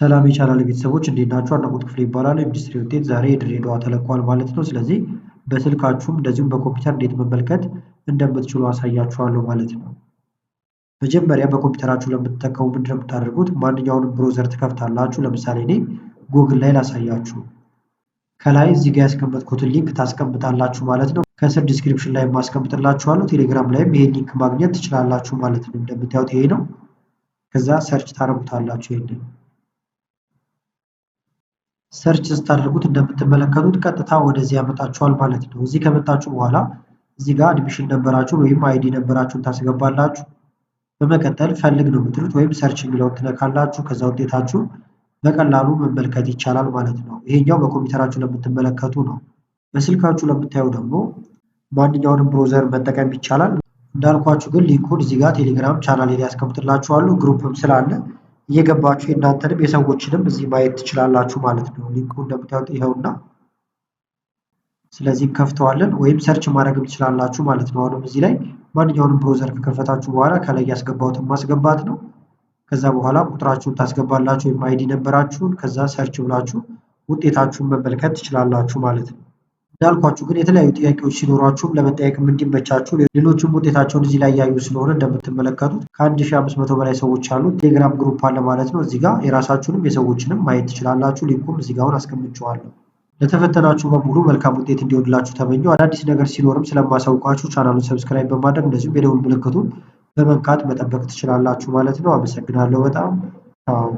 ሰላም የቻናል ቤተሰቦች እንዴት ናችሁ? አድናቆት ክፍል ይባላል። ኢንዱስትሪ ውጤት ዛሬ የድሬዳዋ ተለቋል ማለት ነው። ስለዚህ በስልካችሁም እንደዚሁም በኮምፒውተር እንዴት መመልከት እንደምትችሉ አሳያችኋለሁ ማለት ነው። መጀመሪያ በኮምፒውተራችሁ ለምትጠቀሙ ምንድን ነው የምታደርጉት? ማንኛውንም ብሮዘር ትከፍታላችሁ። ለምሳሌ እኔ ጉግል ላይ ላሳያችሁ። ከላይ እዚህ ጋር ያስቀመጥኩትን ሊንክ ታስቀምጣላችሁ ማለት ነው። ከስር ዲስክሪፕሽን ላይ ማስቀምጥላችኋለሁ። ቴሌግራም ላይም ይሄን ሊንክ ማግኘት ትችላላችሁ ማለት ነው። እንደምታዩት ይሄ ነው። ከዛ ሰርች ታደርጉታላችሁ ይሄንን ሰርች ስታደርጉት እንደምትመለከቱት ቀጥታ ወደዚህ ያመጣችኋል ማለት ነው። እዚህ ከመጣችሁ በኋላ እዚህ ጋር አድሚሽን ነበራችሁ ወይም አይዲ ነበራችሁን ታስገባላችሁ። በመቀጠል ፈልግ ነው የምትሉት ወይም ሰርች የሚለውን ትነካላችሁ። ከዛ ውጤታችሁ በቀላሉ መመልከት ይቻላል ማለት ነው። ይሄኛው በኮምፒውተራችሁ ለምትመለከቱ ነው። በስልካችሁ ለምታዩ ደግሞ ማንኛውንም ብሮዘር መጠቀም ይቻላል። እንዳልኳችሁ ግን ሊንኩን እዚህ ጋር ቴሌግራም ቻናል ላይ ያስቀምጥላችኋሉ ግሩፕም ስላለ እየገባችሁ የእናንተንም የሰዎችንም እዚህ ማየት ትችላላችሁ ማለት ነው። ሊንኩ እንደምታዩት ይኸውና። ስለዚህ ከፍተዋለን ወይም ሰርች ማድረግም ትችላላችሁ ማለት ነው። አሁንም እዚህ ላይ ማንኛውንም ብሮዘር ከከፈታችሁ በኋላ ከላይ ያስገባሁትን ማስገባት ነው። ከዛ በኋላ ቁጥራችሁን ታስገባላችሁ ወይም አይዲ ነበራችሁን። ከዛ ሰርች ብላችሁ ውጤታችሁን መመልከት ትችላላችሁ ማለት ነው። እንዳልኳችሁ ግን የተለያዩ ጥያቄዎች ሲኖሯችሁም ለመጠየቅም እንዲመቻችሁ ሌሎችም ውጤታቸውን እዚህ ላይ ያዩ ስለሆነ እንደምትመለከቱት ከአንድ ሺህ አምስት መቶ በላይ ሰዎች ያሉ ቴሌግራም ግሩፕ አለ ማለት ነው። እዚህ ጋር የራሳችሁንም የሰዎችንም ማየት ትችላላችሁ። ሊንኩም እዚህ ጋውን አስቀምጨዋለሁ። ለተፈተናችሁ በሙሉ መልካም ውጤት እንዲወድላችሁ ተመኘው። አዳዲስ ነገር ሲኖርም ስለማሳውቃችሁ ቻናሉን ሰብስክራይብ በማድረግ እንደዚሁም የደውል ምልክቱን በመንካት መጠበቅ ትችላላችሁ ማለት ነው። አመሰግናለሁ በጣም ቻው።